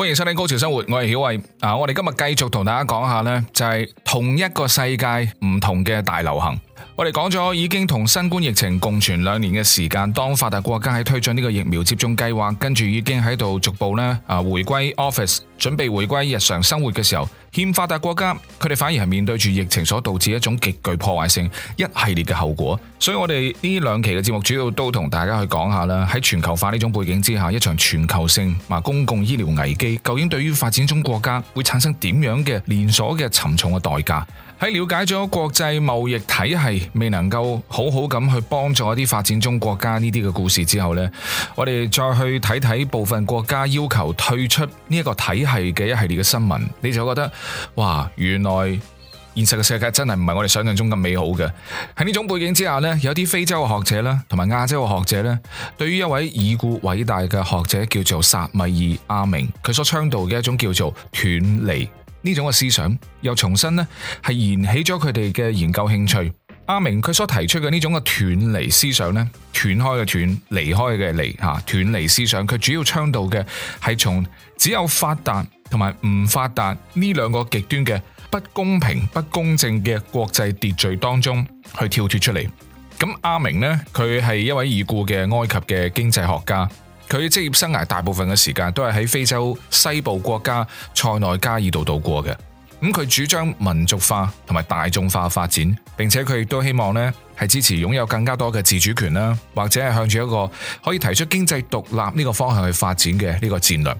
歡迎收聽《高潮生活》，我係曉慧啊！我哋今日繼續同大家講下呢，就係同一個世界唔同嘅大流行。我哋講咗已經同新冠疫情共存兩年嘅時間，當發達國家喺推進呢個疫苗接種計劃，跟住已經喺度逐步呢啊回歸 office。準備回歸日常生活嘅時候，欠發達國家佢哋反而係面對住疫情所導致一種極具破壞性一系列嘅後果。所以我哋呢兩期嘅節目主要都同大家去講下啦。喺全球化呢種背景之下，一場全球性公共醫療危機，究竟對於發展中國家會產生點樣嘅連鎖嘅沉重嘅代價？喺了解咗國際貿易體系未能夠好好咁去幫助一啲發展中國家呢啲嘅故事之後呢，我哋再去睇睇部分國家要求退出呢一個體系，係嘅一系列嘅新聞，你就覺得哇，原來現實嘅世界真係唔係我哋想象中咁美好嘅。喺呢種背景之下呢，有啲非洲嘅學者啦，同埋亞洲嘅學者呢，對於一位已故偉大嘅學者叫做薩米爾·阿明，佢所倡導嘅一種叫做斷離呢種嘅思想，又重新呢係燃起咗佢哋嘅研究興趣。阿明佢所提出嘅呢種嘅斷離思想呢。斷開嘅斷，離開嘅離，吓、啊、斷離思想，佢主要倡導嘅係從只有發達同埋唔發達呢兩個極端嘅不公平、不公正嘅國際秩序當中去跳脫出嚟。咁、啊、阿明呢，佢係一位已故嘅埃及嘅經濟學家，佢職業生涯大部分嘅時間都係喺非洲西部國家塞內加爾度度過嘅。咁佢主張民族化同埋大眾化發展，並且佢亦都希望呢係支持擁有更加多嘅自主權啦，或者係向住一個可以提出經濟獨立呢個方向去發展嘅呢個戰略。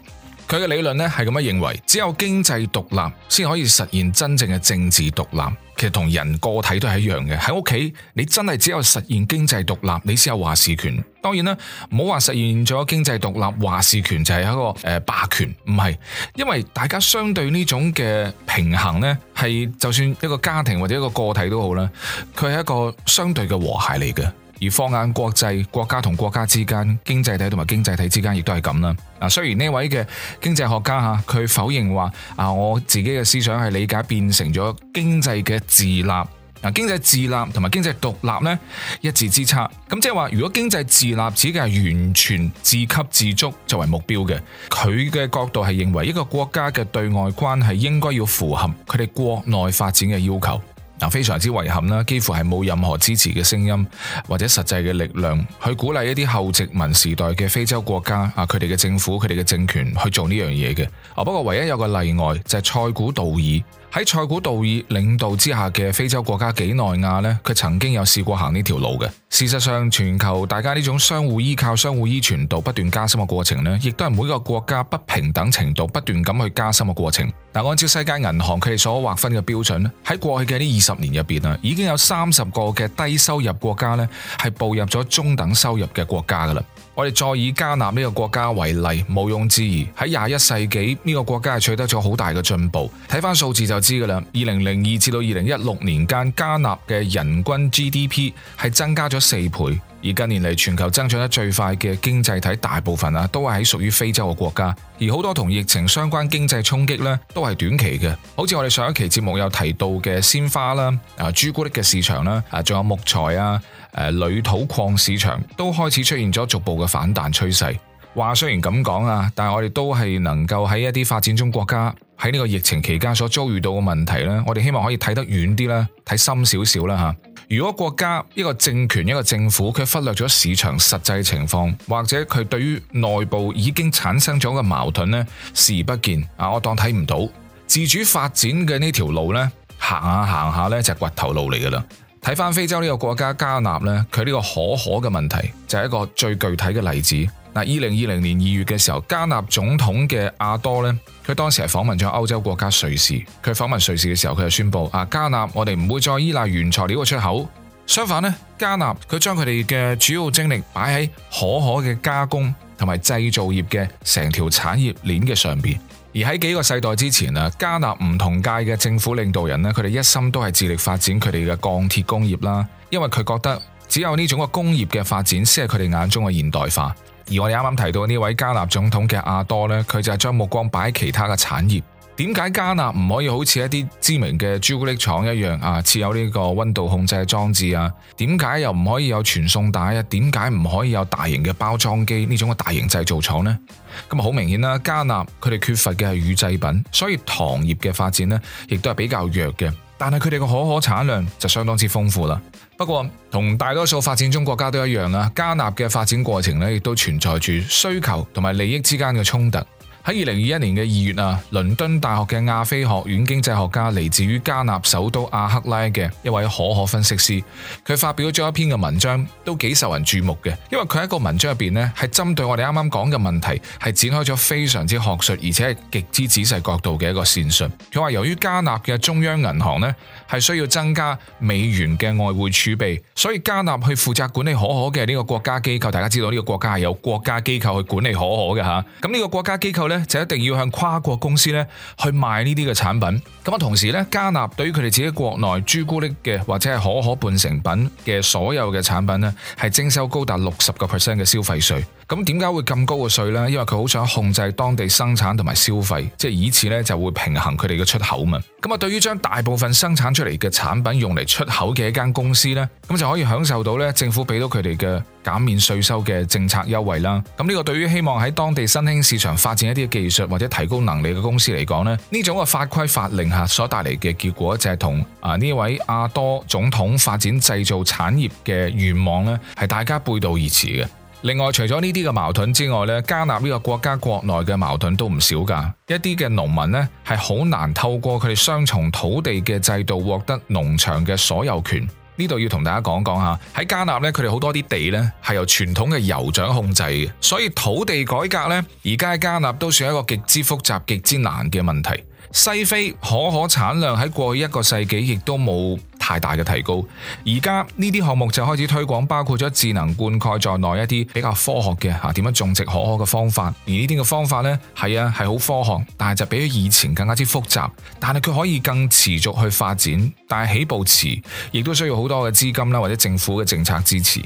佢嘅理論咧係咁樣認為，只有經濟獨立先可以實現真正嘅政治獨立。其實同人個體都係一樣嘅。喺屋企，你真係只有實現經濟獨立，你先有話事權。當然啦，唔好話實現咗經濟獨立，話事權就係一個誒、呃、霸權，唔係。因為大家相對呢種嘅平衡呢，係就算一個家庭或者一個個體都好啦，佢係一個相對嘅和諧嚟嘅。而放眼國際，國家同國家之間、經濟體同埋經濟體之間，亦都係咁啦。嗱，雖然呢位嘅經濟學家嚇，佢否認話啊，我自己嘅思想係理解變成咗經濟嘅自立。嗱，經濟自立同埋經濟獨立呢，一字之差。咁即係話，如果經濟自立指嘅係完全自給自足作為目標嘅，佢嘅角度係認為一個國家嘅對外關係應該要符合佢哋國內發展嘅要求。非常之遺憾啦，幾乎係冇任何支持嘅聲音或者實際嘅力量去鼓勵一啲後殖民時代嘅非洲國家啊，佢哋嘅政府、佢哋嘅政權去做呢樣嘢嘅。哦、啊、不過唯一有一個例外就係、是、塞古杜爾。喺塞古道爾領導之下嘅非洲國家幾內亞呢，佢曾經有試過行呢條路嘅。事實上，全球大家呢種相互依靠、相互依存度不斷加深嘅過程呢，亦都係每個國家不平等程度不斷咁去加深嘅過程。嗱，按照世界銀行佢哋所劃分嘅標準咧，喺過去嘅呢二十年入邊啊，已經有三十個嘅低收入國家呢，係步入咗中等收入嘅國家噶啦。我哋再以加納呢個國家為例，毋庸置疑，喺廿一世紀呢個國家係取得咗好大嘅進步。睇返數字就知㗎喇，二零零二至到二零一六年間，加納嘅人均 GDP 係增加咗四倍。而近年嚟全球增長得最快嘅經濟體，大部分啊都係喺屬於非洲嘅國家，而好多同疫情相關經濟衝擊咧都係短期嘅。好似我哋上一期節目有提到嘅鮮花啦、啊朱古力嘅市場啦、啊仲有木材啊、誒、呃、鋁土礦市場都開始出現咗逐步嘅反彈趨勢。話雖然咁講啊，但係我哋都係能夠喺一啲發展中國家喺呢個疫情期間所遭遇到嘅問題咧，我哋希望可以睇得遠啲啦，睇深少少啦嚇。如果國家，一個政權，一個政府，佢忽略咗市場實際情況，或者佢對於內部已經產生咗嘅矛盾呢，視而不見啊，我當睇唔到，自主發展嘅呢條路呢，行下行下呢就係掘頭路嚟㗎啦。睇翻非洲呢個國家加納呢，佢呢個可可嘅問題就係一個最具體嘅例子。嗱，二零二零年二月嘅時候，加納總統嘅阿多呢，佢當時係訪問咗歐洲國家瑞士。佢訪問瑞士嘅時候，佢就宣布啊，加納，我哋唔會再依賴原材料嘅出口，相反呢，加納佢將佢哋嘅主要精力擺喺可可嘅加工同埋製造業嘅成條產業鏈嘅上面。而喺幾個世代之前啊，加納唔同界嘅政府領導人咧，佢哋一心都係致力發展佢哋嘅鋼鐵工業啦，因為佢覺得只有呢種嘅工業嘅發展先係佢哋眼中嘅現代化。而我哋啱啱提到呢位加納總統嘅阿多咧，佢就係將目光擺喺其他嘅產業。點解加納唔可以好似一啲知名嘅朱古力廠一樣啊？設有呢個溫度控制裝置啊？點解又唔可以有傳送帶啊？點解唔可以有大型嘅包裝機呢種嘅大型製造廠呢？咁啊，好明顯啦，加納佢哋缺乏嘅係乳製品，所以糖業嘅發展呢，亦都係比較弱嘅。但係佢哋嘅可可產量就相當之豐富啦。不過同大多數發展中國家都一樣啦，加納嘅發展過程呢，亦都存在住需求同埋利益之間嘅衝突。喺二零二一年嘅二月啊，倫敦大學嘅亞非學院經濟學家、嚟自於加納首都阿克拉嘅一位可可分析師，佢發表咗一篇嘅文章，都幾受人注目嘅。因為佢喺一個文章入邊呢，係針對我哋啱啱講嘅問題，係展開咗非常之學術而且係極之仔細角度嘅一個論述。佢話由於加納嘅中央銀行呢，係需要增加美元嘅外匯儲備，所以加納去負責管理可可嘅呢個國家機構。大家知道呢個國家係有國家機構去管理可可嘅吓。咁呢個國家機構。就一定要向跨國公司咧去賣呢啲嘅產品，咁啊同時咧，加納對於佢哋自己國內朱古力嘅或者係可可半成品嘅所有嘅產品咧，係徵收高達六十個 percent 嘅消費稅。咁點解會咁高嘅稅呢？因為佢好想控制當地生產同埋消費，即係以此呢就會平衡佢哋嘅出口嘛。咁啊，對於將大部分生產出嚟嘅產品用嚟出口嘅一間公司呢，咁就可以享受到呢政府俾到佢哋嘅減免稅收嘅政策優惠啦。咁呢個對於希望喺當地新興市場發展一啲技術或者提高能力嘅公司嚟講呢，呢種嘅法規法令下所帶嚟嘅結果就係同啊呢位阿多總統發展製造產業嘅願望呢，係大家背道而馳嘅。另外，除咗呢啲嘅矛盾之外咧，加納呢個國家國內嘅矛盾都唔少噶。一啲嘅農民咧，係好難透過佢哋雙重土地嘅制度獲得農場嘅所有權。呢度要同大家講講吓，喺加納咧，佢哋好多啲地咧係由傳統嘅酋長控制，所以土地改革咧，而家喺加納都算係一個極之複雜、極之難嘅問題。西非可可產量喺過去一個世紀亦都冇太大嘅提高，而家呢啲項目就開始推廣，包括咗智能灌溉在內一啲比較科學嘅吓點樣種植可可嘅方法，而呢啲嘅方法呢，係啊係好科學，但係就比以前更加之複雜，但係佢可以更持續去發展，但係起步遲，亦都需要好多嘅資金啦或者政府嘅政策支持，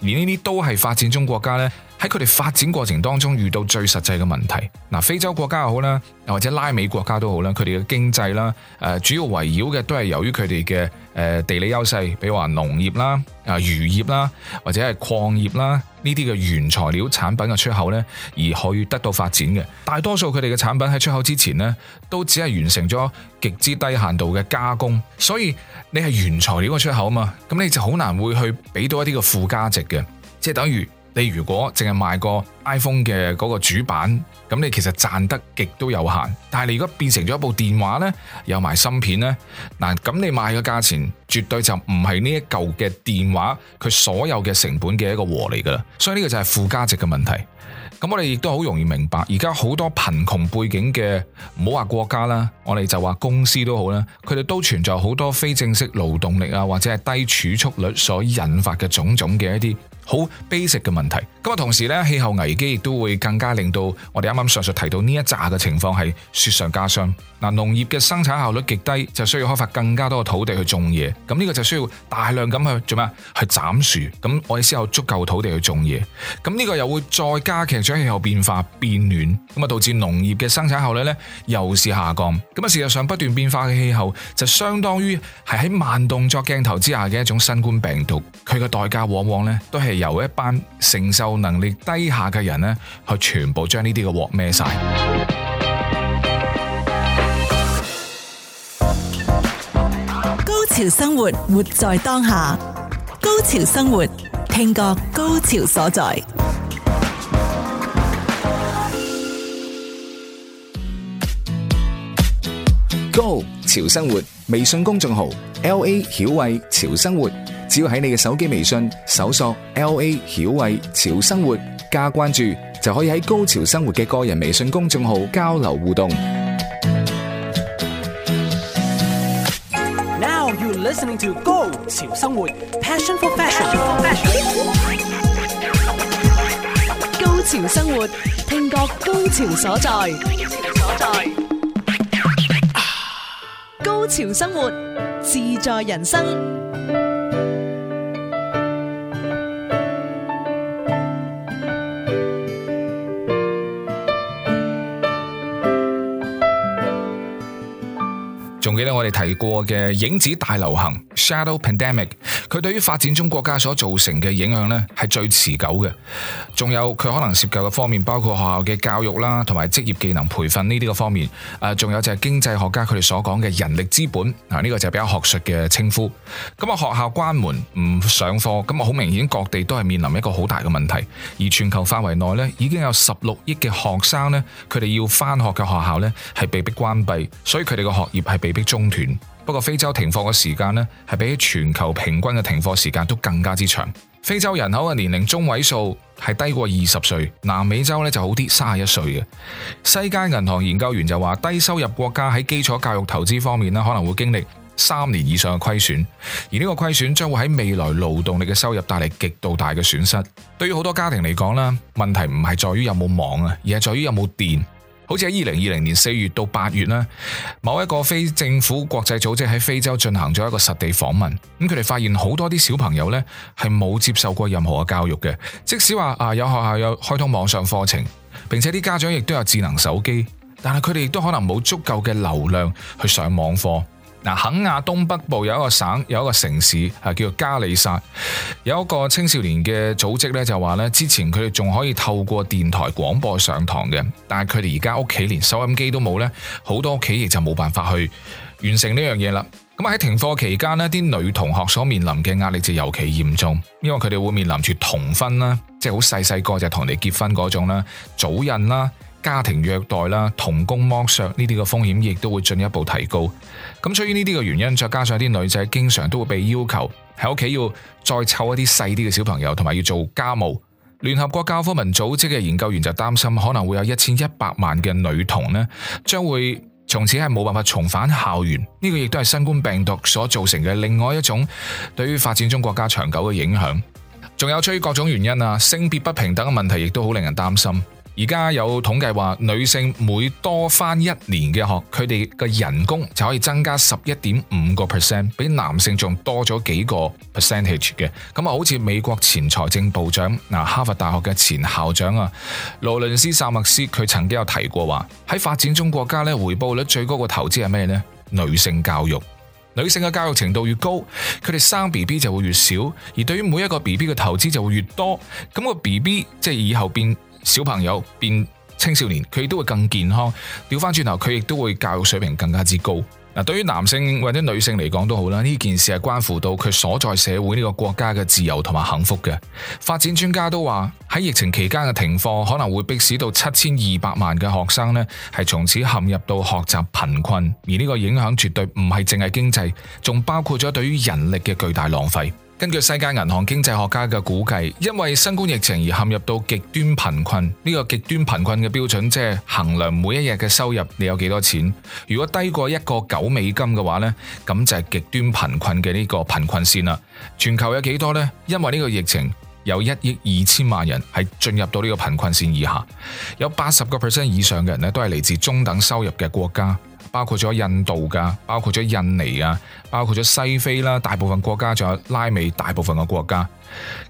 而呢啲都係發展中國家呢。喺佢哋發展過程當中遇到最實際嘅問題，嗱非洲國家又好啦，或者拉美國家都好啦，佢哋嘅經濟啦，誒、呃、主要圍繞嘅都係由於佢哋嘅誒地理優勢，比如話農業啦、啊漁業啦，或者係礦業啦呢啲嘅原材料產品嘅出口呢，而可以得到發展嘅。大多數佢哋嘅產品喺出口之前呢，都只係完成咗極之低限度嘅加工，所以你係原材料嘅出口嘛，咁你就好難會去俾到一啲嘅附加值嘅，即係等於。你如果淨係賣個 iPhone 嘅嗰個主板，咁你其實賺得極都有限。但係你如果變成咗一部電話呢，又有埋芯片呢，嗱咁你賣嘅價錢絕對就唔係呢一嚿嘅電話佢所有嘅成本嘅一個和嚟噶啦。所以呢個就係附加值嘅問題。咁我哋亦都好容易明白，而家好多貧窮背景嘅，唔好話國家啦，我哋就話公司都好啦，佢哋都存在好多非正式勞動力啊，或者係低儲蓄率所引發嘅種種嘅一啲好悲 a 嘅問題，咁啊，同時咧，氣候危機亦都會更加令到我哋啱啱上述提到呢一紮嘅情況係雪上加霜。嗱，農業嘅生產效率極低，就需要開發更加多嘅土地去種嘢，咁呢個就需要大量咁去做咩，去斬樹，咁我哋先有足夠土地去種嘢，咁呢個又會再加劇咗氣候變化變暖，咁啊導致農業嘅生產效率咧又是下降。咁啊，事實上不斷變化嘅氣候就相當於係喺慢動作鏡頭之下嘅一種新冠病毒，佢嘅代價往往咧都係。由一班承受能力低下嘅人呢，去全部將呢啲嘅鑊孭晒。高潮生活，活在當下。高潮生活，聽覺高潮所在。高潮生活微信公眾號：L A 曉慧潮生活。只要喺你嘅手機微信搜索 L A 曉慧潮生活加關注，就可以喺高潮生活嘅個人微信公眾號交流互動。Now you're listening to 高潮生活，Passion for Fashion。高潮生活，聽覺高潮所在。高潮生活，自在人生。記得我哋提過嘅影子大流行 （Shadow Pandemic），佢對於發展中國家所造成嘅影響呢係最持久嘅。仲有佢可能涉及嘅方面包括學校嘅教育啦，同埋職業技能培訓呢啲個方面。誒，仲有就係經濟學家佢哋所講嘅人力資本啊，呢個就係比較學術嘅稱呼。咁啊，學校關門唔上課，咁啊好明顯，各地都係面臨一個好大嘅問題。而全球範圍內呢，已經有十六億嘅學生呢，佢哋要返學嘅學校呢，係被迫關閉，所以佢哋嘅學業係被迫中斷。不過非洲停課嘅時間咧，係比起全球平均嘅停課時間都更加之長。非洲人口嘅年齡中位數係低過二十歲，南美洲呢就好啲，三十一歲嘅。世界銀行研究員就話，低收入國家喺基礎教育投資方面咧，可能會經歷三年以上嘅虧損，而呢個虧損將會喺未來勞動力嘅收入帶嚟極度大嘅損失。對於好多家庭嚟講呢，問題唔係在於有冇網啊，而係在於有冇電。好似喺二零二零年四月到八月呢，某一個非政府國際組織喺非洲進行咗一個實地訪問，咁佢哋發現好多啲小朋友呢係冇接受過任何嘅教育嘅，即使話啊有學校有開通網上課程，並且啲家長亦都有智能手機，但係佢哋亦都可能冇足夠嘅流量去上網課。肯亞東北部有一個省，有一個城市係叫做加里薩，有一個青少年嘅組織咧，就話咧，之前佢哋仲可以透過電台廣播上堂嘅，但係佢哋而家屋企連收音機都冇咧，好多屋企亦就冇辦法去完成呢樣嘢啦。咁喺停課期間呢，啲女同學所面臨嘅壓力就尤其嚴重，因為佢哋會面臨住童婚啦，即係好細細個就同人哋結婚嗰種啦，早孕啦。家庭虐待啦、童工剝削呢啲嘅風險亦都會進一步提高。咁出於呢啲嘅原因，再加上啲女仔經常都會被要求喺屋企要再湊一啲細啲嘅小朋友，同埋要做家務。聯合國教科文組織嘅研究員就擔心，可能會有一千一百萬嘅女童呢，將會從此係冇辦法重返校園。呢個亦都係新冠病毒所造成嘅另外一種對於發展中國家長久嘅影響。仲有出於各種原因啊，性別不平等嘅問題亦都好令人擔心。而家有統計話，女性每多翻一年嘅學，佢哋嘅人工就可以增加十一點五個 percent，比男性仲多咗幾個 percentage 嘅。咁啊，好似美國前財政部長嗱哈佛大學嘅前校長啊，羅倫斯薩默斯，佢曾經有提過話喺發展中國家咧，回報率最高嘅投資係咩呢？女性教育，女性嘅教育程度越高，佢哋生 B B 就會越少，而對於每一個 B B 嘅投資就會越多。咁個 B B 即係以後變。小朋友變青少年，佢都會更健康。掉翻轉頭，佢亦都會教育水平更加之高。嗱，對於男性或者女性嚟講都好啦，呢件事係關乎到佢所在社會呢個國家嘅自由同埋幸福嘅。發展專家都話喺疫情期間嘅停課，可能會迫使到七千二百萬嘅學生呢係從此陷入到學習貧困。而呢個影響絕對唔係淨係經濟，仲包括咗對於人力嘅巨大浪費。根據世界銀行經濟學家嘅估計，因為新冠疫情而陷入到極端貧困呢個極端貧困嘅標準，即係衡量每一日嘅收入你有幾多錢？如果低過一個九美金嘅話呢，咁就係極端貧困嘅呢個貧困線啦。全球有幾多呢？因為呢個疫情，有一億二千萬人係進入到呢個貧困線以下，有八十個 percent 以上嘅人呢都係嚟自中等收入嘅國家。包括咗印度㗎，包括咗印尼啊，包括咗西非啦，大部分國家，仲有拉美大部分嘅國家。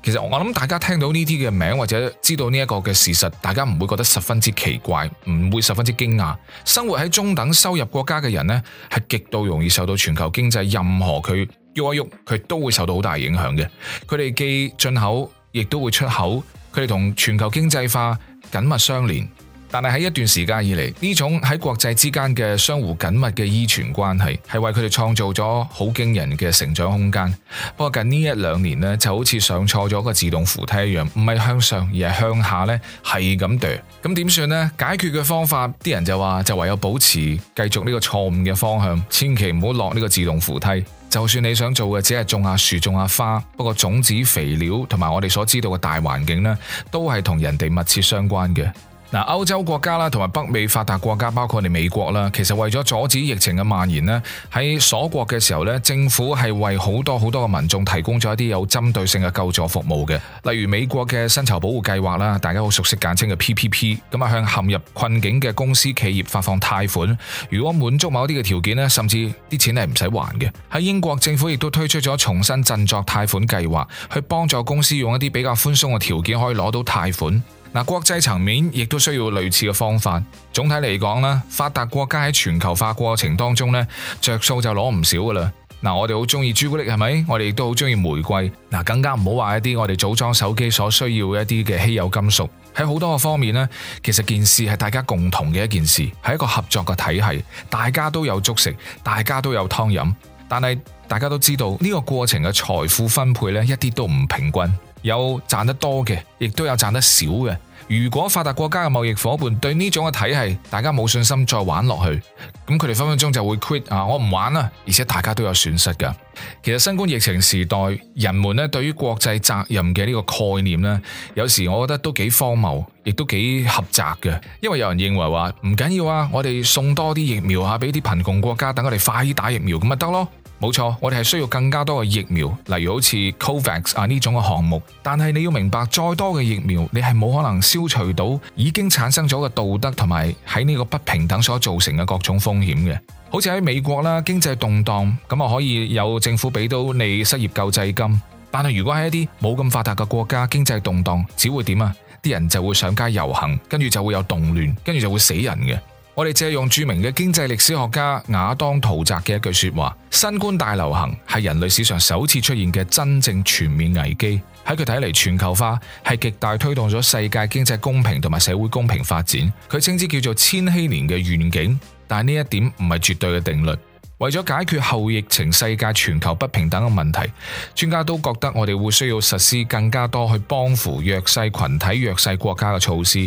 其實我諗大家聽到呢啲嘅名或者，知道呢一個嘅事實，大家唔會覺得十分之奇怪，唔會十分之驚訝。生活喺中等收入國家嘅人呢，係極度容易受到全球經濟任何佢喐一喐，佢都會受到好大影響嘅。佢哋既進口亦都會出口，佢哋同全球經濟化緊密相連。但係喺一段時間以嚟，呢種喺國際之間嘅相互緊密嘅依存關係，係為佢哋創造咗好驚人嘅成長空間。不過近呢一兩年呢，就好似上錯咗個自動扶梯一樣，唔係向上，而係向下呢，係咁掉。咁點算呢？解決嘅方法，啲人就話就唯有保持繼續呢個錯誤嘅方向，千祈唔好落呢個自動扶梯。就算你想做嘅只係種下樹、種下花，不過種子、肥料同埋我哋所知道嘅大環境呢，都係同人哋密切相關嘅。嗱，歐洲國家啦，同埋北美發達國家，包括我哋美國啦，其實為咗阻止疫情嘅蔓延咧，喺鎖國嘅時候咧，政府係為好多好多嘅民眾提供咗一啲有針對性嘅救助服務嘅，例如美國嘅薪酬保護計劃啦，大家好熟悉簡稱嘅 PPP，咁啊向陷入困境嘅公司企業發放貸款，如果滿足某一啲嘅條件咧，甚至啲錢係唔使還嘅。喺英國政府亦都推出咗重新振作貸款計劃，去幫助公司用一啲比較寬鬆嘅條件可以攞到貸款。嗱，國際層面亦都需要類似嘅方法。總體嚟講啦，發達國家喺全球化過程當中咧，著數就攞唔少噶啦。嗱，我哋好中意朱古力，係咪？我哋亦都好中意玫瑰。嗱，更加唔好話一啲我哋組裝手機所需要一啲嘅稀有金屬。喺好多個方面咧，其實件事係大家共同嘅一件事，係一個合作嘅體系，大家都有粥食，大家都有湯飲。但係大家都知道呢個過程嘅財富分配咧，一啲都唔平均。有賺得多嘅，亦都有賺得少嘅。如果發達國家嘅貿易夥伴對呢種嘅體系，大家冇信心再玩落去，咁佢哋分分鐘就會 quit 啊！我唔玩啦，而且大家都有損失噶。其實新冠疫情時代，人們咧對於國際責任嘅呢個概念呢，有時我覺得都幾荒謬，亦都幾狹窄嘅。因為有人認為話唔緊要啊，我哋送多啲疫苗啊，俾啲貧窮國家，等佢哋快啲打疫苗咁咪得咯。冇錯，我哋係需要更加多嘅疫苗，例如好似 Covax 啊，呢種嘅項目。但係你要明白，再多嘅疫苗，你係冇可能消除到已經產生咗嘅道德同埋喺呢個不平等所造成嘅各種風險嘅。好似喺美國啦，經濟動盪咁啊，可以有政府俾到你失業救濟金。但係如果喺一啲冇咁發達嘅國家，經濟動盪只會點啊？啲人就會上街遊行，跟住就會有動亂，跟住就會死人嘅。我哋借用著名嘅經濟歷史學家亞當·圖澤嘅一句說話：新冠大流行係人類史上首次出現嘅真正全面危機。喺佢睇嚟，全球化係極大推動咗世界經濟公平同埋社會公平發展。佢稱之叫做千禧年嘅願景，但係呢一點唔係絕對嘅定律。為咗解決後疫情世界全球不平等嘅問題，專家都覺得我哋會需要實施更加多去幫扶弱勢群體、弱勢國家嘅措施。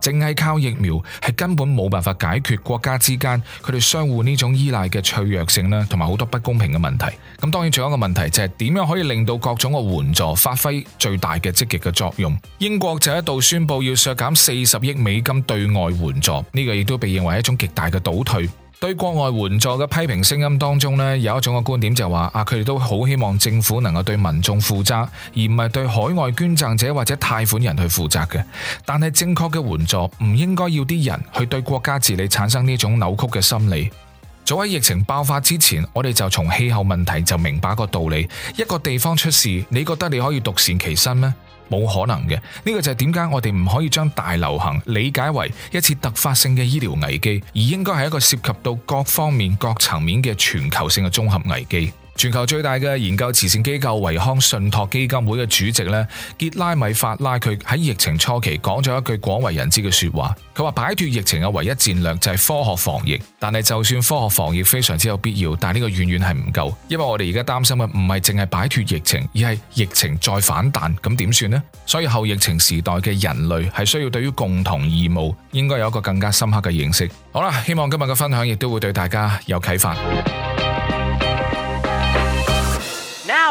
淨係靠疫苗係根本冇辦法解決國家之間佢哋相互呢種依賴嘅脆弱性啦，同埋好多不公平嘅問題。咁當然，仲有一個問題就係點樣可以令到各種嘅援助發揮最大嘅積極嘅作用？英國就一度宣布要削減四十億美金對外援助，呢、這個亦都被認為係一種極大嘅倒退。對國外援助嘅批評聲音當中呢，有一種嘅觀點就話啊，佢哋都好希望政府能夠對民眾負責，而唔係對海外捐贈者或者貸款人去負責嘅。但係正確嘅援助唔應該要啲人去對國家治理產生呢種扭曲嘅心理。早喺疫情爆發之前，我哋就從氣候問題就明白個道理：一個地方出事，你覺得你可以獨善其身咩？冇可能嘅，呢個就係點解我哋唔可以將大流行理解為一次突發性嘅醫療危機，而應該係一個涉及到各方面、各層面嘅全球性嘅綜合危機。全球最大嘅研究慈善機構維康信託基金會嘅主席咧，傑拉米法拉，佢喺疫情初期講咗一句廣為人知嘅說話，佢話擺脫疫情嘅唯一戰略就係科學防疫。但係就算科學防疫非常之有必要，但呢個遠遠係唔夠，因為我哋而家擔心嘅唔係淨係擺脫疫情，而係疫情再反彈，咁點算呢？所以後疫情時代嘅人類係需要對於共同義務應該有一個更加深刻嘅認識。好啦，希望今日嘅分享亦都會對大家有啟發。